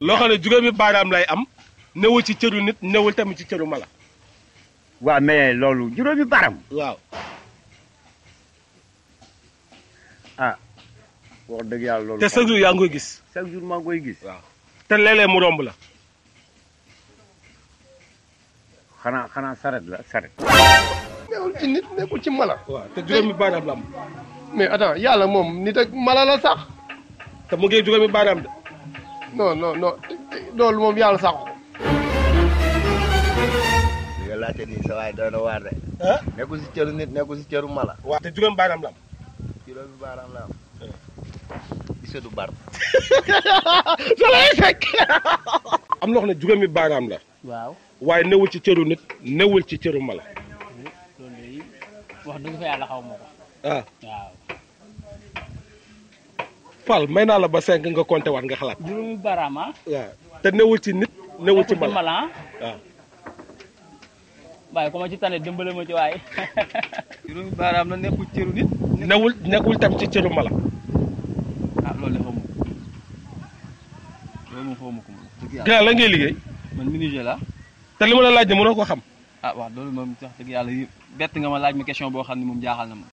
loo xam ne juróomi baaraam lay am newul ci cëru nit newul tamit ci cëru mala. waa mais loolu juróomi baaraam. waaw. ah wax dëgg yàlla loolu. te chaque jour yaa ngi koy gis. chaque jour koy gis. waaw te léeg mu romb la. xanaa xanaa saret la saret. nekkul ci nit nekkul ci mala. te juróomi baaraam la am. mais attends yàlla moom nit ak mala la sax. te mu ngi juróomi baaraam de. non non non loolu moom yàlla sax ko. li nga laajte nii sa waay ah? nit nekkul si cëru mala. waaw te juróomi baaraam la am. juróomi baaraam la am. gisee eh. du baar. sa lay ne juróomi baaraam la. waaw waaye newul ci cëru nit ci cëru mala. Hmm, loolu Fall may naa la ba cinq nga compté waat nga xalaat. juróomi baaraam ah. te newul ci nit. newul ci mala waaw waaye ku nekkul cëru ci cëru mala. ah loolu de xaw ma ko loolu moom xaw ma ko moom. la ngay liggéey. man menuisier la te li ma la laaj ne mënoo ko xam. ah waaw loolu yàlla bett nga ma laaj ma boo xam ne jaaxal na ma.